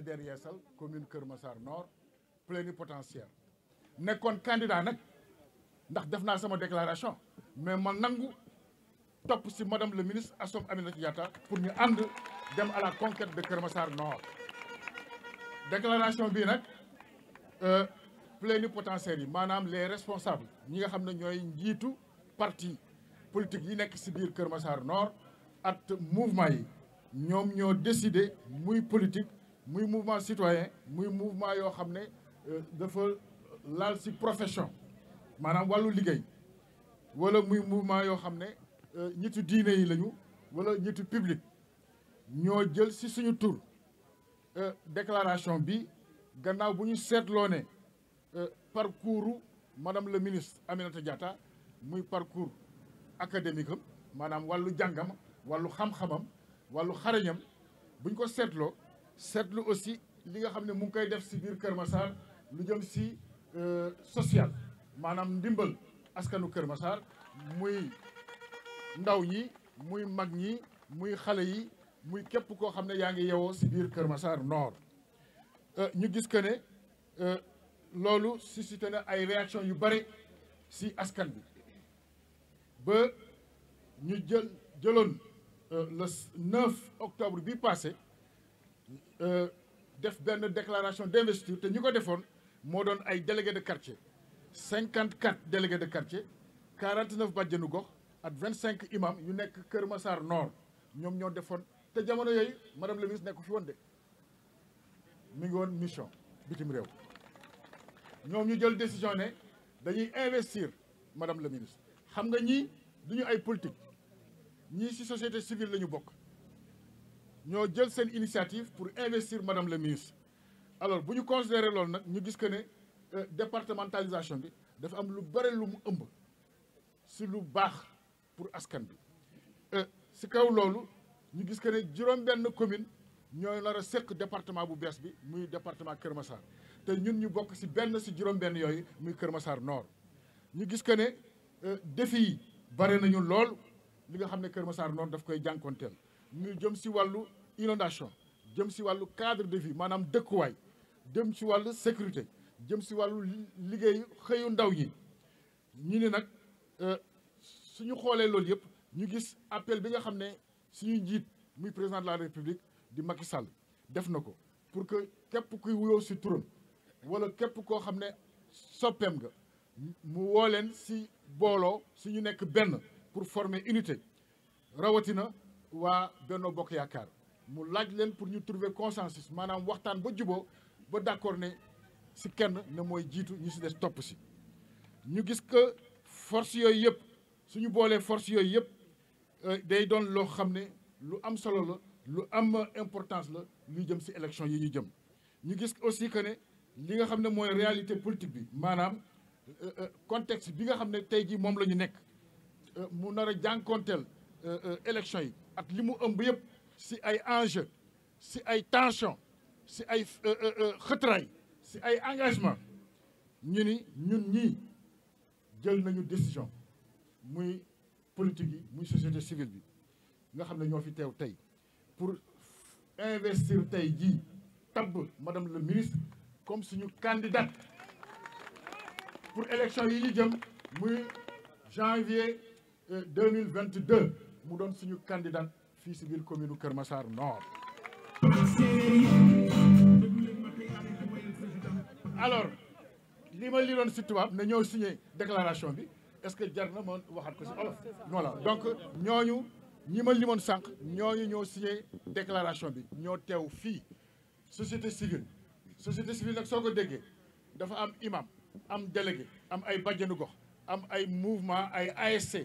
derrière Yeesal commune Kermassar Massar Nord plénipotentiaire Nous candidat candidats, ndax avons fait sama déclaration mais ma top, topp si madame le ministre Assome Aminata Diatta pour nous ànd dem à la conquête de Kermassar Nord déclaration bien, Plein de yi les responsables ñi nga xam ne qui parti politique yi nekk si biir Nord, Massar Nord at mouvement yi ñoom ñoo décidé muy politique muy mouvement citoyen muy mouvement yoo xam ne euh, dafa laal si profession maanaam wàllu liggéey wala muy mouvement yoo xam ne ñitu euh, diine yi lañu wala ñitu public ñoo jël si suñu tur euh, déclaration bi gannaaw bu ñu seetloo ne parcours madame le ministre Aminata Diatta muy parcours académique am maanaam wàllu jàngam wàllu xam-xamam wàllu xarañam bu ñu ko seetloo seetlu aussi li nga xam ne mu ngi koy def si biir Kër Massar lu jëm si euh, social maanaam ndimbal askanu Kër Massar muy ndaw ñi muy mag ñi muy xale yi muy képp koo xam ne yaa ngi yewoo si biir Kër Massar Nord euh, ñu gis que ne euh, loolu suscité na ay réaction yu bëri si askan bi ba ñu jël jëloon le 9 octobre bi passé Euh, def benn déclaration d'investiture te ñu ko defoon moo doon ay délégué de quartier cinquante quatre délégué de quartier quarante neuf bàjjenu gox ak vingt cinq imam yu nekk Kër Massar Nord ñoom ñoo defoon te jamono yooyu madame la ministre nekku fi woon de mi ngi woon mission bitim réew ñoom ñu jël décision ne dañuy investir madame la ministre xam nga ñii du ñu ay politique ñii ci société civile la ñu bokk ñoo jël seen initiative pour investir madame le ministre alors bu ñu considéré loolu nag ñu gis que ne euh, départementalisation bi dafa am lu bëri lu mu ëmb si lu baax pour askan bi euh, si kaw loolu ñu gis que ne juróom-benn commune ñoo nar a seq département bu bees bi muy département Kër Massar te ñun ñu bokk si benn si juróom-benn yooyu muy Kër Massar Nord ñu gis que ne euh, défi yi bare nañu lool li nga xam ne Kër Massar Nord daf koy jànkonteel ñu jëm inondation jëm cadre de vie Madame de jëm si la sécurité jëm Nous avons de ndaw ñi Nous de suñu appel de la république de Macky Sall def pour que képp kuy wuyo ci wala képp ko xamné nga mu wolen si suñu nek pour former unité rawatina wa Benno Bokk Yaakaar mu laaj len pour ñu trouver consensus manam waxtaan ba jubo ba d'accord ne ci kenn ne moy jitu ñu ci des top ci ñu gis que force yooyu yep suñu bolé force yooyu yëpp euh, day doon lo xamné lu am solo lu am importance la lui jëm ci élection yi ñu jëm ñu gis aussi que né li nga xamné moy réalité politique bi euh, euh, contexte bi nga xamné tay tey mom lañu nek mu euh, euh, élections. Et ak li mu ëmb si ay enjeu si ay tension si ay retrait, euh, si ay engagement ñu ni ñun ñi jël nañu décision muy politique yi muy société civile bi nga xam ne ñoo fi pour investir tey jii tabb madame le ministre comme suñu candidate pour élection yi ñu jëm muy janvier 2022 mu signe suñu candidat fii si biir commune Kër Nord. alors nous ma li nous si déclaration bi est-ce que le na ma waxaat donc nous, ñi ma limoon sànq ñooñu ñoo signé déclaration bi ñoo teew société civile. société civile nag soo ko déggee dafa am imam am délégué am ay bajjanu gox am ay mouvement ay ASC.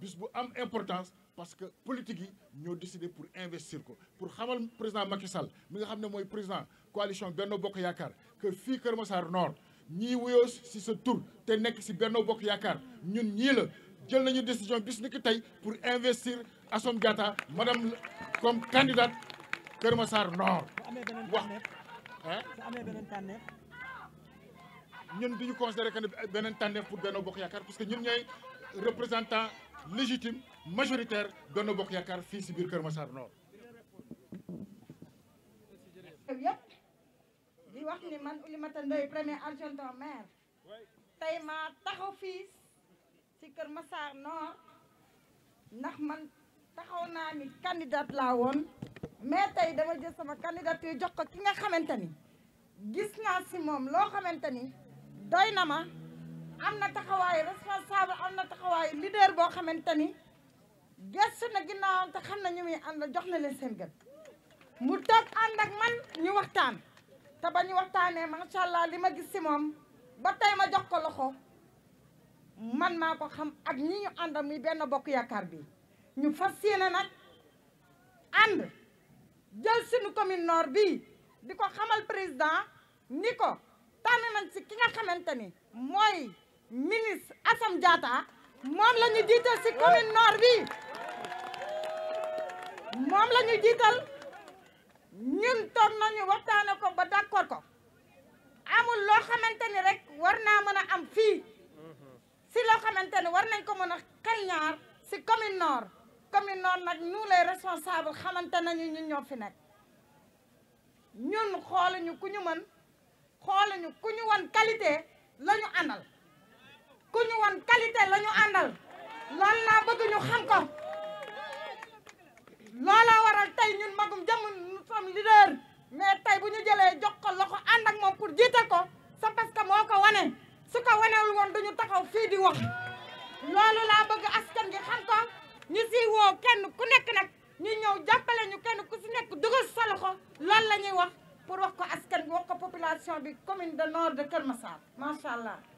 bis bu am importance parce que politique yi ñoo décidé pour investir ko pour xamal président Macky Sall mi nga xam moy président coalition Benno Bokk yakar que fi Kër Massar Nord ñi wuyoo ci ce tour té nekk ci Benno Bokk yakar ñun ñi la jël nañu décision bis ni pour investir Son Gata madame comme candidate Kër Massar Nord. wax hein? su ñun duñu considérer considéré que benen tànneef pour Benno Bokk yakar parce que ñun ñooy représentant. légitime majoritaire Benno Bokk Yaakaar fii si biir Kër Massar Nord. yëpp di wax ni man Oulimata Ndoye premier adjoint maire tey maa taxaw fii si Kër Massar Nord ndax man taxaw naa ni candidate laa woon mais tey dama jël sama candidature jox ko ki nga xamante ni gis naa si moom loo xamante ni doy na ma am na taxawaayu responsable taxawoon na leader bo xamanteni ni na ginaaw ta xamna na ñu muy and jox na leen seen gën mu tok and ak man ñu waxtaan ta bañu waxtane ma sha allah lima gis ci mom ba tay ma jox ko loxo man mako xam ak ñi ñu àndal mi benn bokk yaakaar bi ñu fas nak and jël suñu commune nord bi di xamal président ni tan nañ ci ki nga xamanteni moy ministre Assome Diatta moom la ñu jiital si commune nord bi moom la jiital ñun toog nañu waxtaane ko ba d'accord ko amul loo xamante ni rek war naa mën a am fii si loo xamante ni war nañ ko mën a xel ñaar si commune nord commune nord nag nous les responsables xamante nañu ñun ñoo fi nekk ñun xooluñu ku ñu mën xooluñu ku ñu wan qualité la ñu la ñu àndal loolu laa bëgg ñu xam ko loola waral tey ñun magum jëm nous sommes leader mais tey bu ñu jëlee jox ko loxo ànd ak moom pour jiital ko sa parce que moo ko wane su ko wanewul woon duñu taxaw fii di wax loolu laa bëgg askan gi xam ñu si woo kenn ku nekk nag ñu ñëw jàppale ñu kenn ku si nekk dugal sa loxo loolu la ñuy wax pour wax ko askan bi wax ko population bi commune de nord de Kër Massar allah.